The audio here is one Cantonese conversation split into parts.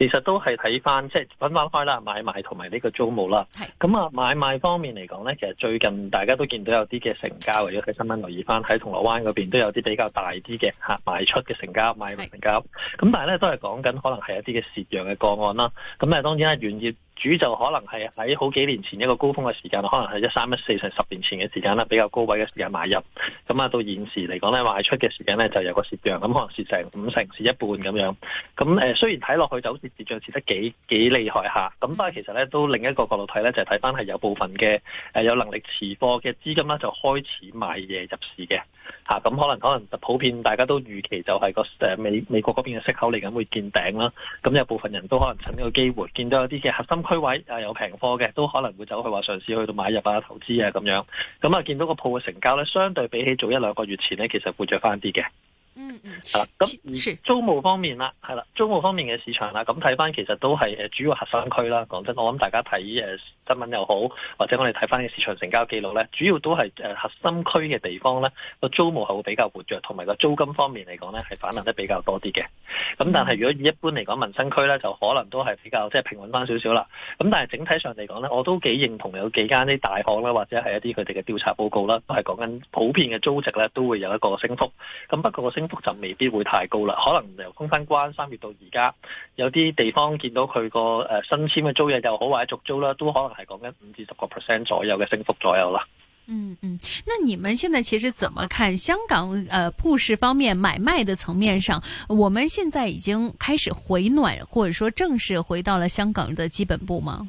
其實都係睇翻，即、就、係、是、分翻開啦，買賣同埋呢個租務啦。咁啊是、嗯，買賣方面嚟講呢，其實最近大家都見到有啲嘅成交，或者我新聞留意翻喺銅鑼灣嗰邊都有啲比較大啲嘅嚇賣出嘅成交、買入成交。咁是、嗯、但係呢，都係講緊可能係一啲嘅蝕讓嘅個案啦。咁、嗯、啊，當然係願意。主就可能係喺好幾年前一個高峰嘅時間，可能係一三一四成十年前嘅時間啦，比較高位嘅時間買入，咁啊到現時嚟講咧，賣出嘅時間咧就有個蝕讓，咁可能蝕成五成、蝕一半咁樣。咁誒雖然睇落去就好似跌漲蝕得幾幾厲害下，咁但係其實咧都另一個角度睇咧，就係睇翻係有部分嘅有能力持貨嘅資金啦就開始買嘢入市嘅，咁可能可能普遍大家都預期就係個美美國嗰邊嘅息口嚟緊會見頂啦，咁有部分人都可能趁呢個機會見到有啲嘅核心。區位啊，有平貨嘅，都可能會走去話嘗試去到買入啊、投資啊咁樣咁啊，見到個鋪嘅成交咧，相對比起早一兩個月前咧，其實活咗翻啲嘅。嗯嗯，係啦，咁租務方面啦，係啦，租務方面嘅市場啦，咁睇翻其實都係誒主要核心區啦。講真，我諗大家睇誒新聞又好，或者我哋睇翻嘅市場成交記錄咧，主要都係誒核心區嘅地方咧，個租務係會比較活躍，同埋個租金方面嚟講咧係反彈得比較多啲嘅。咁但係如果以一般嚟講民生區咧，就可能都係比較即係平穩翻少少啦。咁但係整體上嚟講咧，我都幾認同有幾間啲大行啦，或者係一啲佢哋嘅調查報告啦，都係講緊普遍嘅租值咧都會有一個升幅。咁不過個升就未必會太高啦，可能由封山關三月到而家，有啲地方見到佢個誒新簽嘅租約又好，或者續租啦，都可能係講緊五至十個 percent 左右嘅升幅左右啦。嗯嗯，那你們現在其實怎麼看香港呃、鋪市方面買賣嘅層面上，我們現在已經開始回暖，或者說正式回到了香港的基本步嗎？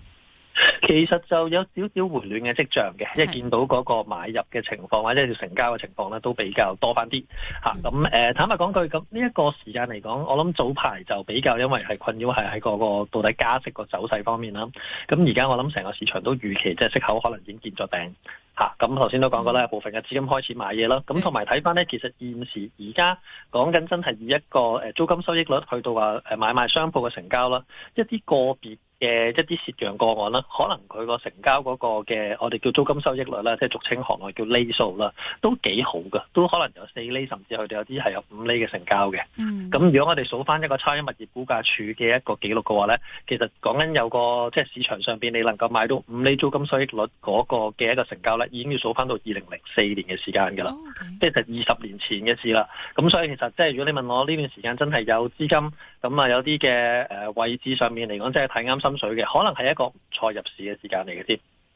其實就有少少回暖嘅跡象嘅，即係見到嗰個買入嘅情況或者係成交嘅情況咧，都比較多翻啲吓。咁誒、嗯啊呃，坦白講句，咁呢一個時間嚟講，我諗早排就比較因為係困擾係喺、嗰個個到底加息個走勢方面啦。咁而家我諗成個市場都預期即係息口可能已經見咗頂吓。咁頭先都講過啦部、嗯、分嘅資金開始買嘢啦。咁同埋睇翻咧，其實現時而家講緊真係以一個誒租金收益率去到話誒買賣商鋪嘅成交啦，一啲個別。嘅一啲蝕讓個案啦，可能佢個成交嗰個嘅我哋叫租金收益率啦，即係俗稱行內叫釐數啦，都幾好噶，都可能有四厘，甚至佢哋有啲係有五厘嘅成交嘅。嗯，咁如果我哋數翻一個差餉物業估價署嘅一個記錄嘅話咧，其實講緊有個即係市場上面你能夠買到五厘租金收益率嗰個嘅一個成交咧，已經要數翻到二零零四年嘅時間噶啦，哦 okay、即係二十年前嘅事啦。咁所以其實即係如果你問我呢段時間真係有資金。咁啊、嗯，有啲嘅位置上面嚟講，即係睇啱心水嘅，可能係一個唔錯入市嘅時間嚟嘅先。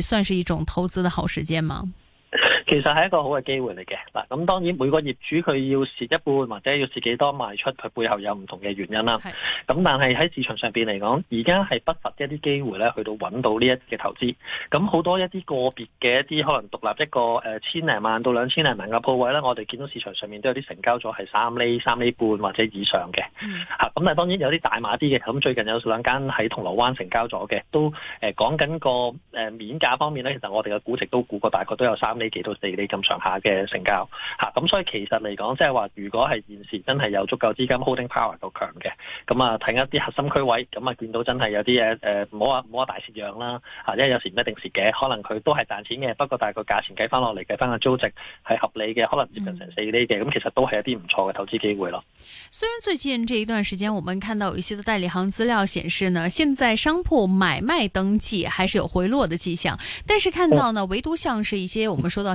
算是一種投資的好時間嗎？其實係一個好嘅機會嚟嘅嗱，咁當然每個業主佢要蝕一半或者要蝕幾多賣出，佢背後有唔同嘅原因啦。咁的但係喺市場上面嚟講，而家係不乏一啲機會咧，去到揾到呢一嘅投資。咁好多一啲個別嘅一啲可能獨立一個千零萬到兩千零萬嘅鋪位咧，我哋見到市場上面都有啲成交咗係三厘、三厘半或者以上嘅。嚇咁的但當然有啲大碼啲嘅，咁最近有兩間喺銅鑼灣成交咗嘅，都誒、呃、講緊個免、呃、面價方面咧，其實我哋嘅估值都估過大概都有三厘幾多四厘咁上下嘅成交吓，咁所以其實嚟講即係話，如果係現時真係有足夠資金 holding power 夠強嘅，咁啊睇一啲核心區位，咁啊見到真係有啲嘢，誒唔好話唔好話大蝕讓啦，吓，因為有時唔一定蝕嘅，可能佢都係賺錢嘅，不過但係個價錢計翻落嚟，計翻個租值係合理嘅，可能接近成四厘嘅，咁其實都係一啲唔錯嘅投資機會咯。雖然最近這一段時間我們看到有一些的代理行資料顯示呢，現在商鋪買賣登記還是有回落的跡象，但是看到呢，唯獨像是一些我們說到。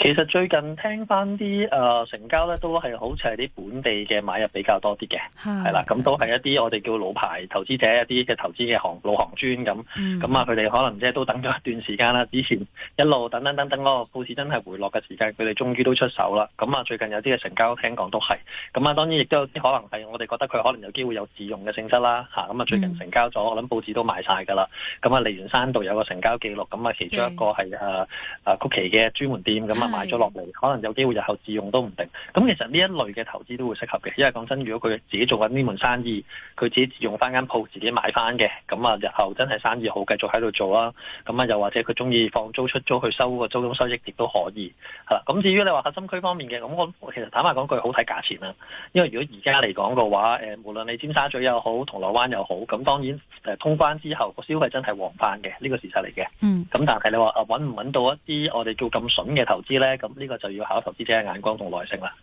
其實最近聽翻啲誒成交咧，都係好似係啲本地嘅買入比較多啲嘅，係啦的，咁都係一啲我哋叫老牌投資者一啲嘅投資嘅行老行專咁，咁啊佢哋可能即係都等咗一段時間啦。之前一路等等等等嗰個報紙真係回落嘅時間，佢哋終於都出手啦。咁啊最近有啲嘅成交聽講都係，咁啊當然亦都有啲可能係我哋覺得佢可能有機會有自用嘅性質啦，吓，咁啊最近成交咗，嗯、我諗報紙都賣晒㗎啦。咁啊利園山道有個成交記錄，咁啊其中一個係的、啊、曲奇嘅專門店咁啊。買咗落嚟，可能有機會日後自用都唔定。咁其實呢一類嘅投資都會適合嘅，因為講真，如果佢自己做緊呢門生意，佢自己自用翻間鋪，自己買翻嘅，咁啊日後真係生意好，繼續喺度做啦。咁啊，又或者佢中意放租出租去收個租金收益，亦都可以嚇。咁至於你話核心區方面嘅，咁我其實坦白講句，好睇價錢啦。因為如果而家嚟講嘅話，誒無論你尖沙咀又好，銅鑼灣又好，咁當然誒通關之後個消費真係旺翻嘅，呢個事實嚟嘅。嗯。咁但係你話啊揾唔揾到一啲我哋做咁筍嘅投資？咧咁呢個就要考投資者嘅眼光同耐性啦。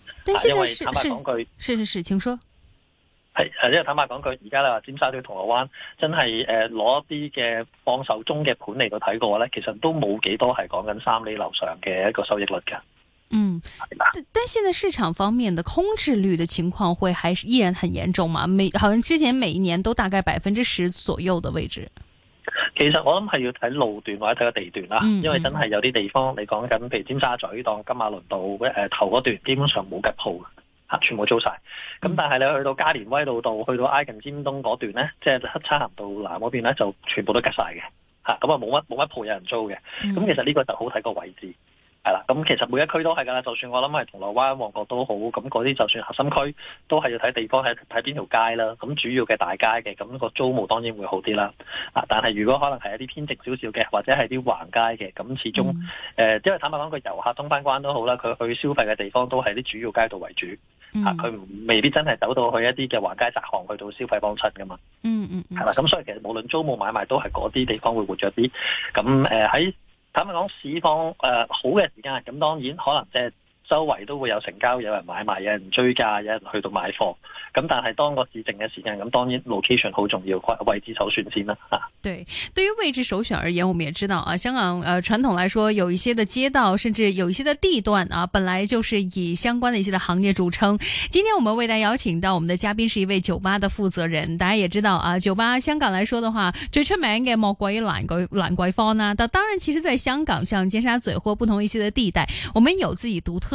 因為坦白講句，是是是，請說。係係，因為坦白講句，而家咧，尖沙咀、銅鑼灣真係誒，攞一啲嘅放售中嘅盤嚟到睇過咧，其實都冇幾多係講緊三厘樓上嘅一個收益率嘅。嗯，吧但現在市場方面的空置率的情況會還是依然很嚴重嘛？每好像之前每一年都大概百分之十左右的位置。其實我諗係要睇路段或者睇個地段啦，嗯、因為真係有啲地方你講緊，譬如尖沙咀當金馬倫道誒頭嗰段，基本上冇吉鋪吓，全部租晒。咁、嗯、但係你去到加連威老道，去到挨近尖東嗰段咧，即係漆咸道南嗰邊咧，就全部都吉晒嘅吓，咁啊冇乜冇乜鋪有人租嘅。咁、嗯、其實呢個就好睇個位置。係啦，咁其實每一區都係噶啦，就算我諗係銅鑼灣、旺角都好，咁嗰啲就算核心區都係要睇地方，係睇邊條街啦。咁主要嘅大街嘅，咁、個租務當然會好啲啦。啊，但係如果可能係一啲偏靜少少嘅，或者係啲橫街嘅，咁始終誒、嗯呃，因為坦白講，佢遊客通翻關都好啦，佢去消費嘅地方都係啲主要街道為主。嗯、啊，佢未必真係走到去一啲嘅橫街窄巷去到消費幫襯噶嘛。嗯嗯係、嗯、啦，咁所以其實無論租務買賣都係嗰啲地方會活躍啲。咁喺、呃坦白講市況，誒好嘅時間，咁當然可能即係。周圍都會有成交，有人買賣，有人追價，有人去到買貨。咁但係當個市靜嘅時間，咁當然 location 好重要，位置首選先啦。對，對於位置首選而言，我們也知道啊，香港呃傳統來說，有一些的街道，甚至有一些的地段啊，本來就是以相關的一些的行業著稱。今天我們為大家邀請到我們的嘉賓是一位酒吧的負責人。大家也知道啊，酒吧香港來說的話，最出名嘅莫過於蘭桂蘭桂坊啦。但當然，其實在香港，像尖沙咀或不同一些的地帶，我們有自己獨特。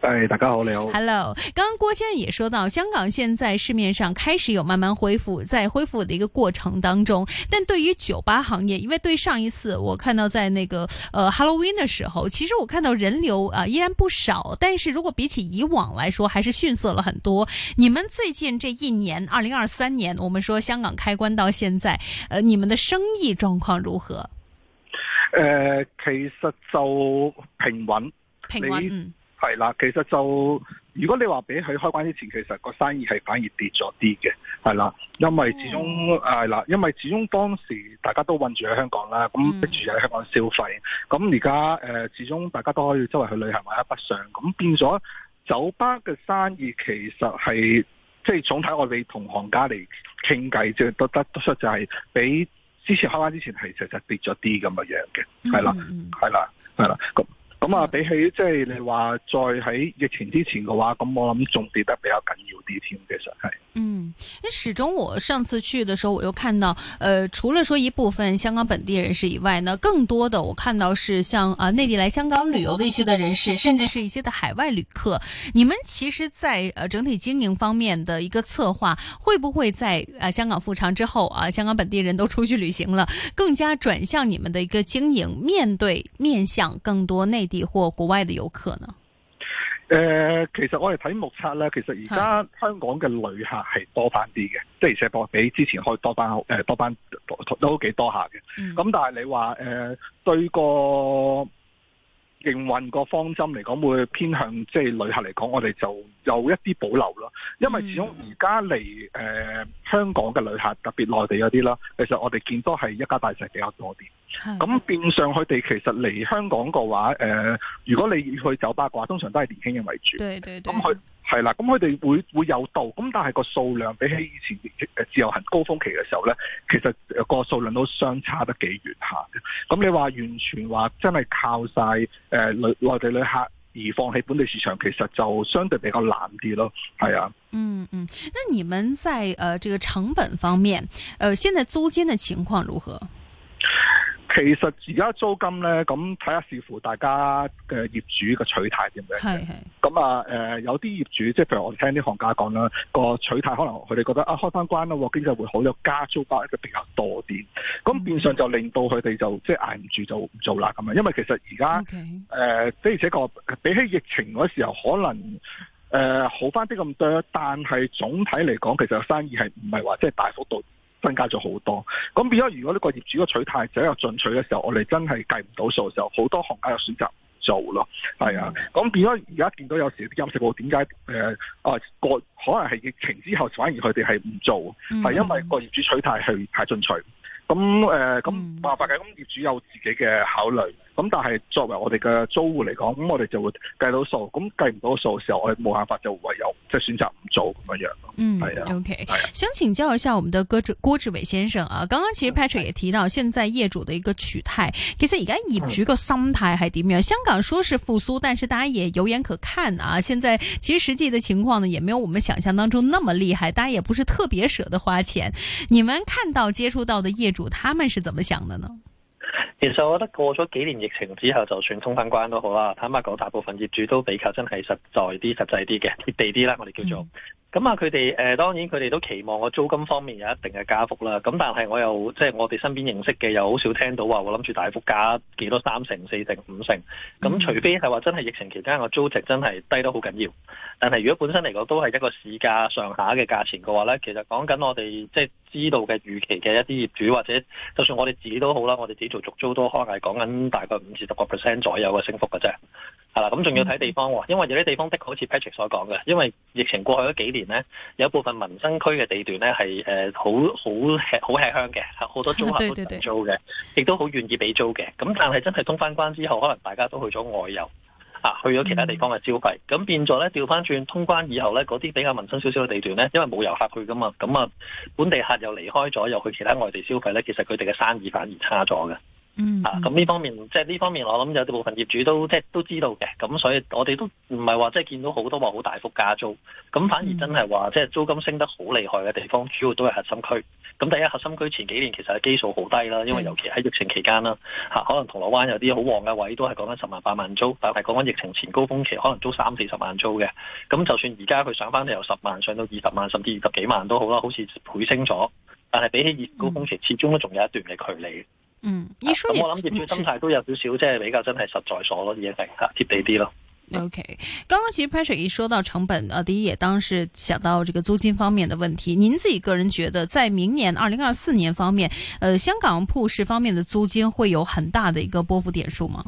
大家好，你好。Hello，剛剛郭先生也說到，香港現在市面上開始有慢慢恢復，在恢復的一個過程當中，但對於酒吧行業，因為對上一次我看到在那個，呃，Halloween 的時候，其實我看到人流啊、呃、依然不少，但是如果比起以往來說，還是遜色了很多。你們最近這一年，二零二三年，我們說香港開關到現在，呃，你們的生意狀況如何？呃，其實就平穩，平穩，嗯。係啦，其實就如果你話俾佢開關之前，其實個生意係反而跌咗啲嘅，係啦，因為始終係啦，因為始終當時大家都困住喺香港啦，咁逼住喺香港消費，咁而家誒，始終大家都可以周圍去旅行或者北上，咁變咗酒吧嘅生意其實係即係總體我哋同行家嚟傾偈，即係得得得出就係比之前開關之前係其實就跌咗啲咁嘅樣嘅，係啦，係啦、嗯，係啦，咁。咁啊，嗯、比起即係、就是、你話再喺疫情之前嘅話，咁我諗仲跌得比較緊要啲添，其實係。嗯，始終我上次去嘅時候，我又看到，呃除了說一部分香港本地人士以外，呢，更多的我看到是像，像啊內地來香港旅遊的一些嘅人士，甚至是一些嘅海外旅客。你們其實在，在、啊、呃整體經營方面的一個策劃，會不會在啊香港復常之後啊，香港本地人都出去旅行了，更加轉向你們的一個經營，面對面向更多內。或國外嘅遊客呢？誒、呃，其實我哋睇目測呢，其實而家香港嘅旅客係多翻啲嘅，即係而且比之前開多班，好、呃、誒，多班都幾多下嘅。咁、嗯、但係你話誒、呃，對個，營運個方針嚟講，會偏向即係旅客嚟講，我哋就，就有一啲保留啦。因為始終而家嚟誒香港嘅旅客，特別內地嗰啲啦，其實我哋見多係一家大細比較多啲。咁的變相佢哋其實嚟香港嘅話，誒、呃，如果你去酒吧嘅話，通常都係年輕人為主。對對對。咁佢係啦，咁佢哋會會有度，咁但係個數量比起以前嘅自由行高峰期嘅時候咧，其實個數量都相差得幾遠吓。咁你話完全話真係靠晒誒內內地旅客而放棄本地市場，其實就相對比較難啲咯。係啊，嗯嗯，那你們在誒、呃、這個成本方面，誒、呃、現在租金的情況如何？其實而家租金咧，咁睇下視乎大家嘅業主嘅取態點樣。係係是。咁啊，誒、呃，有啲業主，即係譬如我哋聽啲行家講啦，個取態可能佢哋覺得啊，開翻關啦，經濟會好咗，加租包就比較多啲。咁變相就令到佢哋就，嗯、就即係捱唔住就唔做啦。咁啊，因為其實而家誒，即 Okay、呃、而且個比起疫情嗰時候，可能誒好翻啲咁多，但係總體嚟講，其實生意係唔係話即係大幅度，增加咗好多，咁變咗如果呢個業主個取態就有進取嘅時候，我哋真係計唔到數嘅時候，好多行家又選擇唔做咯，係啊、mm，咁、hmm. 變咗而家見到有時啲飲食部點解誒啊個可能係疫情之後，反而佢哋係唔做，係、mm hmm. 因為個業主取態係太進取，咁誒咁冇辦法嘅，咁業主有自己嘅考慮。咁但係作為我哋嘅租戶嚟講，咁我哋就會計到數，咁計唔到數嘅時候，我哋冇辦法就唯有即係選擇唔做咁樣樣。嗯，係啊，OK，想請教一下我們的郭志郭志偉先生啊，剛剛其實 Patrick 也提到，現在業主的一個取態，其實而家業主嘅心態係點樣？嗯，香港說是復甦，但是大家也有眼可看啊。現在其實實際嘅情況呢，也沒有我們想象當中那麼厲害，大家也不是特別捨得花錢。你們看到接觸到的業主，他們是怎麼想的呢？其實我覺得過咗幾年疫情之後，就算通翻關都好啦。坦白講，大部分業主都比較真係實在啲、實際啲嘅、貼地啲啦。我哋叫做。嗯咁啊，佢哋誒當然佢哋都期望個租金方面有一定嘅加幅啦。咁但係我又即係、就是、我哋身邊認識嘅，又好少聽到話我諗住大幅加幾多三成、四成、五成。咁除非係話真係疫情期間個租值真係低得好緊要。但係如果本身嚟講都係一個市價上下嘅價錢嘅話咧，其實講緊我哋即係知道嘅預期嘅一啲業主或者就算我哋自己都好啦，我哋自己做續租都可能係講緊大概五至十個 percent 左右嘅升幅㗎啫。係啦，咁仲要睇地方，因為有啲地方的確好似 Patrick 所講嘅，因為疫情過去咗幾年咧，有部分民生區嘅地段咧係誒好好吃好吃香嘅，好多租客都想租嘅，亦都好願意俾租嘅。咁但係真係通翻關之後，可能大家都去咗外遊啊，去咗其他地方嘅消費，咁、嗯、變咗咧調翻轉，通關以後咧，嗰啲比較民生少少嘅地段咧，因為冇遊客去噶嘛，咁啊本地客又離開咗，又去其他外地消費咧，其實佢哋嘅生意反而差咗嘅。嗯、啊，咁呢方面，即係呢方面，我諗有啲部分業主都即係、就是、都知道嘅，咁所以我哋都唔係話即係見到好多話好大幅加租，咁反而真係話即係租金升得好厲害嘅地方，主要都係核心區。咁第一，核心區前幾年其實係基數好低啦，因為尤其喺疫情期間啦，吓、嗯啊、可能銅鑼灣有啲好旺嘅位都係講緊十萬八萬租，但係講緊疫情前高峰期可能租三四十萬租嘅，咁就算而家佢上翻嚟由十萬上到二十萬甚至二十幾萬都好啦，好似倍升咗，但係比起熱高峰期始終都仲有一段嘅距離。嗯，咁我諗業主心態都有少少即係比較真係實在所咯啲嘢係吓貼地啲咯。嗯、OK，剛剛其實 Patrick 一說到成本，我哋也當時想到這個租金方面的問題。您自己個人覺得，在明年二零二四年方面，呃，香港鋪市方面的租金會有很大的一個波幅點數嗎？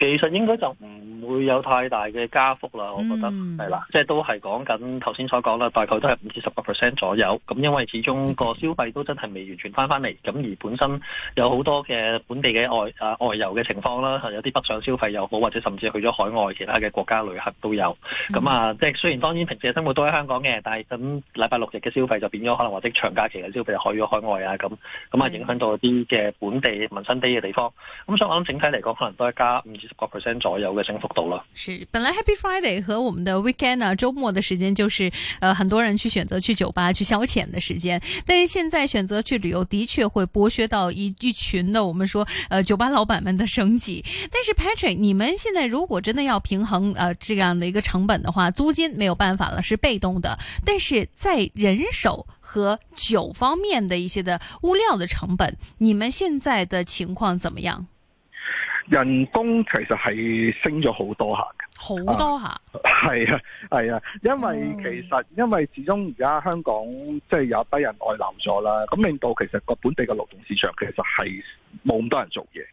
其實應該就唔會有太大嘅加幅啦，我覺得係、嗯、啦，即係都係講緊頭先所講啦，大概都係五至十個 percent 左右。咁因為始終個消費都真係未完全翻翻嚟，咁而本身有好多嘅本地嘅外啊外遊嘅情況啦，係有啲北上消費又好，或者甚至去咗海外其他嘅國家旅客都有。咁啊、嗯，即係雖然當然平時嘅生活都喺香港嘅，但係咁禮拜六日嘅消費就變咗可能或者長假期嘅消費去咗海外啊咁，咁啊影響到啲嘅本地民生低嘅地方。咁、嗯、所以我想整體嚟講，可能都係加五至十個 percent 左右嘅升幅度啦。是，本來 Happy Friday 和我們的 weekend 啊，周末的時間就是，呃，很多人去選擇去酒吧去消遣的時間。但是現在選擇去旅遊的確會剝削到一一群的，我們說，呃，酒吧老闆們的生計。但是 Patrick，你們現在如果真的要平衡，呃，這樣的一個成本的話，租金沒有辦法了，是被動的。但是在人手和酒方面的一些的物料的成本，你們現在的情況怎麼樣？人工其實係升咗好多下嘅，好多下，係啊，係啊,啊，因為其實、哦、因為始終而家香港即係有一批人外流咗啦，咁令到其實個本地嘅勞動市場其實係冇咁多人做嘢。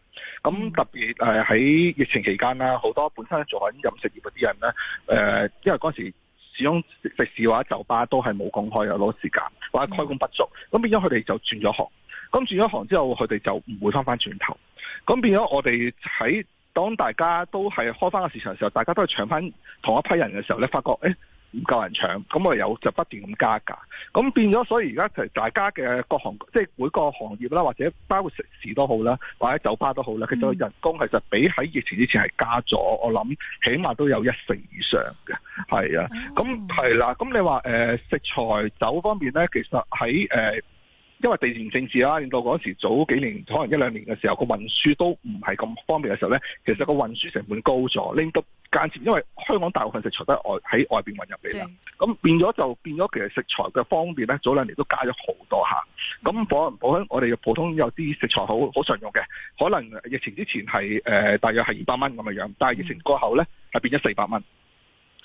咁特別誒喺疫情期間啦，好多本身做緊飲食業嗰啲人咧，誒、呃、因為嗰時始終食肆或者酒吧都係冇工開又攞時間或者開工不足，咁變咗佢哋就轉咗行。咁轉咗行之後，佢哋就唔會翻翻轉頭。咁變咗，我哋喺當大家都係開翻個市場嘅時候，大家都係搶翻同一批人嘅時候咧，發覺誒唔夠人搶，咁我哋就不斷咁加價。咁變咗，所以而家其實大家嘅各行，即係每個行業啦，或者包括食肆都好啦，或者酒吧都好啦，其實人工其實比喺疫情之前係加咗。我諗起碼都有一成以上嘅，係啊。咁係啦。咁你話、呃、食材酒方面咧，其實喺因為地緣政治啦，令到嗰時早幾年可能一兩年嘅時候，個運輸都唔係咁方便嘅時候咧，其實個運輸成本高咗，令到間接因為香港大部分食材都喺外邊運入嚟啦，咁對變咗就變咗其實食材嘅方便咧，早兩年都加咗好多下。咁我我我哋普通有啲食材好好常用嘅，可能疫情之前係誒大約係二百蚊咁嘅樣，但係疫情過後咧，係變咗四百蚊，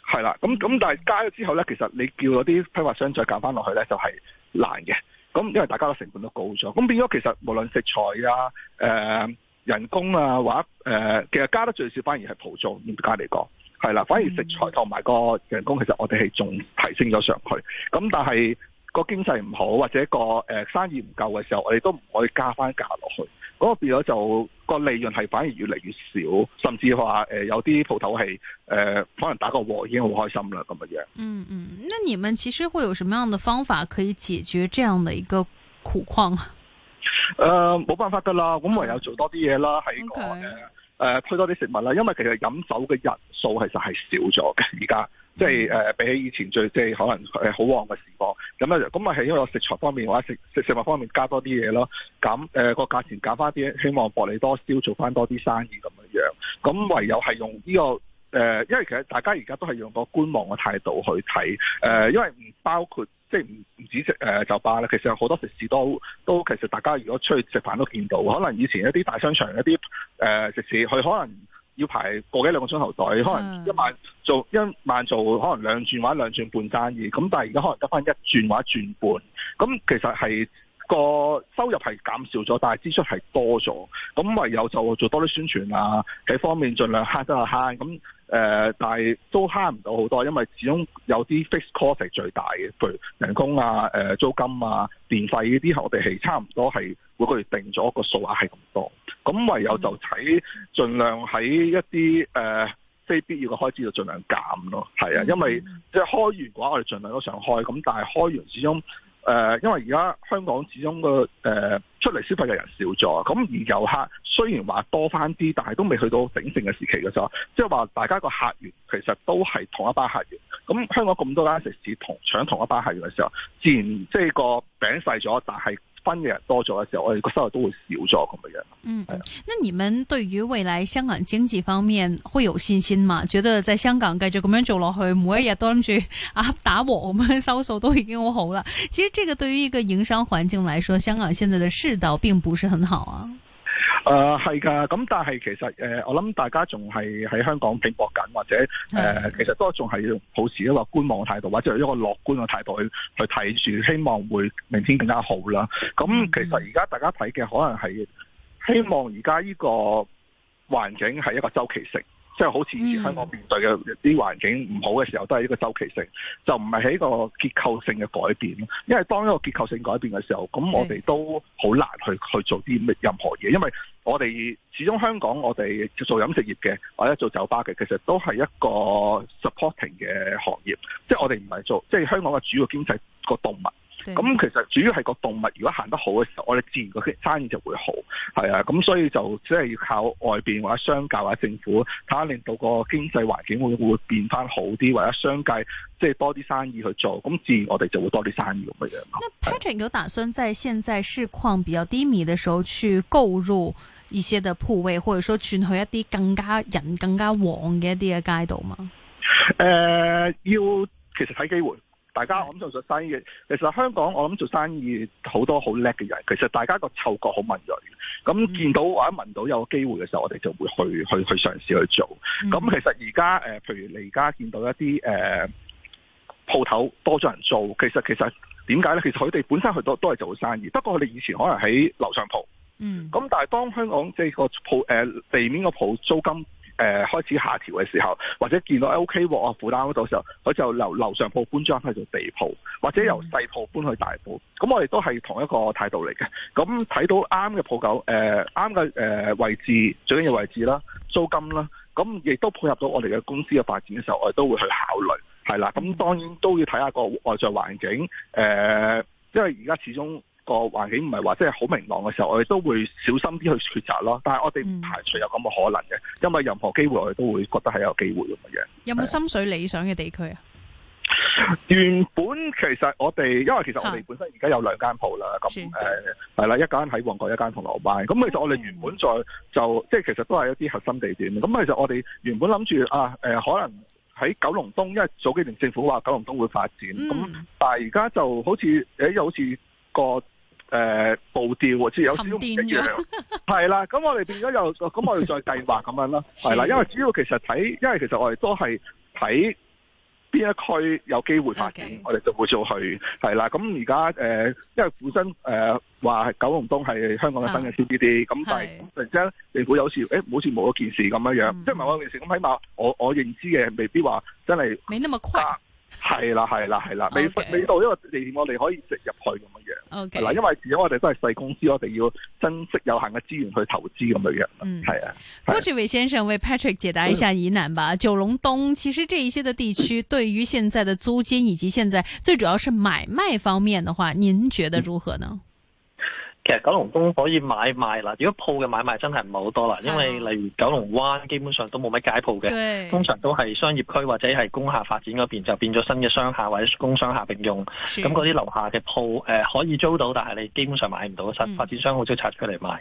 係啦。咁咁但係加咗之後咧，其實你叫嗰啲批發商再減翻落去咧，就係、是、難嘅。咁因為大家嘅成本都高咗，咁變咗其實無論食材啊、誒、呃、人工啊或誒、呃，其實加得最少反而係鋪租加嚟講，係啦，反而食材同埋個人工其實我哋係仲提升咗上去。咁但係個經濟唔好或者個誒生意唔夠嘅時候，我哋都唔可以加返價落去。嗰個變咗就。個利潤係反而越嚟越少，甚至話誒、呃、有啲鋪頭係誒，可能打個和已經好開心啦咁嘅樣。嗯嗯，那你們其實會有什麼樣的方法可以解決這樣的一個苦況啊？誒、呃，冇辦法噶啦，咁唯有做多啲嘢啦喺、嗯、個誒 okay.、呃、推多啲食物啦，因為其實飲酒嘅人數其實係少咗嘅，而家、嗯、即係誒、呃、比起以前最即係可能係好旺嘅時光。咁咧，咁啊、嗯，係因為我食材方面或者食食食物方面加多啲嘢咯，減誒個、呃、價錢減翻啲，希望薄利多銷，做翻多啲生意咁樣樣，咁唯有係用呢、這個誒、呃，因為其實大家而家都係用個觀望嘅態度去睇誒、呃，因為唔包括即係唔唔止食誒、呃、酒吧咧，其實有好多食肆都都其實大家如果出去食飯都見到，可能以前一啲大商場一啲誒、呃、食肆，佢可能，要排過幾個幾兩個鐘頭隊，可能一晚做一晚做可能兩轉或兩轉半生意，咁但係而家可能得翻一轉或一轉半，咁其實係。個收入係減少咗，但係支出係多咗。咁唯有就做多啲宣傳啊，喺方面盡量慳得下慳。咁誒、呃，但係都慳唔到好多，因為始終有啲 fixed cost 係最大嘅，譬如人工啊、呃、租金啊、電費呢啲，我哋係差唔多係每個月定咗個數額係咁多。咁唯有就睇，盡量喺一啲誒、呃、非必要嘅開支就盡量減咯。係啊，因為即係開源嘅話，我哋盡量都想開。咁但係開源始終。誒、呃，因為而家香港始終個誒出嚟消費嘅人少咗，咁而遊客雖然話多翻啲，但係都未去到鼎盛嘅時期嘅時候。即係話大家個客源其實都係同一班客源，咁、嗯、香港咁多間食肆同搶同一班客源嘅時候，自然即係個餅細咗，但係。分嘅人多咗嘅時候，我哋個收入都會少咗咁嘅樣。嗯，係啊。那你們對於未來香港經濟方面會有信心嗎？覺得在香港繼續咁樣做落去，每一日都諗住啊打和，咁樣收數都已經好好啦。其實這個對於一個營商環境來說，香港現在的市道並不是很好啊。誒，係噶、呃，咁但係其實誒、呃，我諗大家仲係喺香港拼搏緊，或者誒、呃，其實都仲係抱持一個觀望態度，或者一個樂觀嘅態度去去睇住，希望會明天更加好啦。咁其實而家大家睇嘅可能係希望而家呢個環境係一個周期性。即係好似香港面對嘅啲環境唔好嘅時候，都係一個周期性，就唔係喺一個結構性嘅改變。因為當一個結構性改變嘅時候，咁我哋都好難去去做啲咩任何嘢，因為我哋始終香港我哋做飲食業嘅，或者做酒吧嘅，其實都係一個 supporting 嘅行業，即係我哋唔係做，即係香港嘅主要經濟個動物。咁對其實主要係個動物，如果行得好嘅時候，我哋自然個生意就會好，係啊，咁所以就即係要靠外邊或者商界或者政府，睇下令到個經濟環境會唔會變翻好啲，或者商界即係多啲生意去做，咁自然我哋就會多啲生意咁嘅樣。Patrick、啊、有打算在現在市況比較低迷嘅時候去購入一些的鋪位，或者說轉去一啲更加人更加旺嘅一啲嘅街道嘛？誒、呃，要其實睇機會。大家我諗做生意，其實香港我諗做生意好多好叻嘅人，其實大家個嗅覺好敏銳，咁見到或者聞到有機會嘅時候，我哋就會去去去嘗試去做。咁其實而家誒，譬如你而家見到一啲誒鋪頭多咗人做，其實其實點解咧？其實佢哋本身佢都都係做生意，不過佢哋以前可能喺樓上鋪。嗯。咁但係當香港即係個鋪誒、呃、地面個鋪租金。誒，開始下調嘅時候，或者見到 OK 喎，我負擔唔到時候，佢就由樓上鋪搬張去做地鋪，或者由細鋪搬去大鋪，咁我哋都係同一個態度嚟嘅。咁睇到啱嘅鋪九誒，啱嘅誒位置，最緊要的位置啦，租金啦，咁亦都配合到我哋嘅公司嘅發展嘅時候，我哋都會去考慮，係啦。咁當然都要睇下個外在環境，誒、呃，因為而家始終。個環境唔係話即係好明朗嘅時候，我哋都會小心啲去選擇咯。但係我哋唔排除有咁嘅可能嘅，嗯、因為任何機會我哋都會覺得係有機會咁嘅樣。有冇心水理想嘅地區啊、嗯？原本其實我哋因為其實我哋本身而家有兩間鋪啦，咁誒係啦，一間喺旺角，一間銅鑼灣。咁其實我哋原本在就，嗯、就即係其實都係一啲核心地段。咁其實我哋原本諗住啊，誒、呃、可能喺九龍東，因為早幾年政府話九龍東會發展。咁、嗯、但係而家就好似誒，又、欸、好似個。誒，步調即係有少少唔一樣，係啦 的。咁我哋變咗又，咁我哋再計劃咁樣囉。係啦，因為主要其實睇，因為其實我哋都係睇邊一區有機會發展，Okay. 我哋就會做去。係啦，咁而家誒，因為本身誒話、呃、九龍東係香港嘅新嘅 CBD，咁但係突然之間政府有事，誒，好似冇咗件事咁樣樣。即係唔係我平時咁起碼，我我認知嘅未必話真係。沒那麼快。啊係啦，係啦，係啦，未 Okay. 未到呢個地點，我哋可以直入去咁樣樣。嗱，因為我哋 Okay. 都係細公司，我哋要珍惜有限嘅資源去投資咁樣樣。嗯，係啊。郭志偉先生為 Patrick 解答一下疑難吧。嗯、九龍東其實這一些的地區，對於現在的租金以及現在最主要是買賣方面的話，您覺得如何呢？嗯其實九龍東可以買賣啦，如果鋪嘅買賣真係唔係好多啦，因為例如九龍灣基本上都冇乜街鋪嘅，對通常都係商業區或者係工廈發展嗰邊就變咗新嘅商廈或者工商廈并用，咁嗰啲樓下嘅鋪誒、呃、可以租到，但係你基本上買唔到新、嗯、發展商好少拆出嚟賣。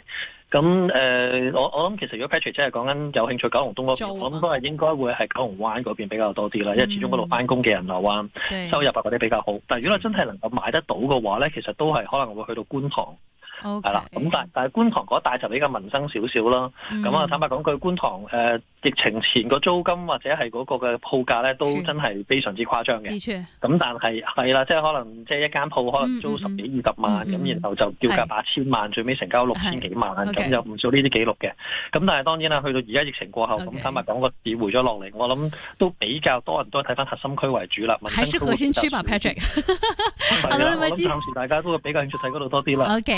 咁誒、呃，我我諗其實如果 Patrick 即係講緊有興趣九龍東嗰邊，咁我諗都係應該會係九龍灣嗰邊比較多啲啦，因為始終嗰度翻工嘅人流啊，嗯、收入啊嗰啲比較好。對但係如果真係能夠買得到嘅話咧，是其實都係可能會去到觀塘。係啦，咁但但係觀塘嗰帶就比較民生少少啦咁啊，坦白講句，觀塘誒疫情前個租金或者係嗰個嘅鋪價咧，都真係非常之誇張嘅。咁但係係啦，即係可能即係一間鋪可能租十幾二十萬，咁然後就叫價八千萬，最尾成交六千幾萬，咁又唔少呢啲記錄嘅。咁但係當然啦，去到而家疫情過後，咁坦白講個市回咗落嚟，我諗都比較多人都睇翻核心區為主啦。還是核心區吧 Patrick。係啦，我諗暫時大家都比較興趣睇嗰度多啲啦。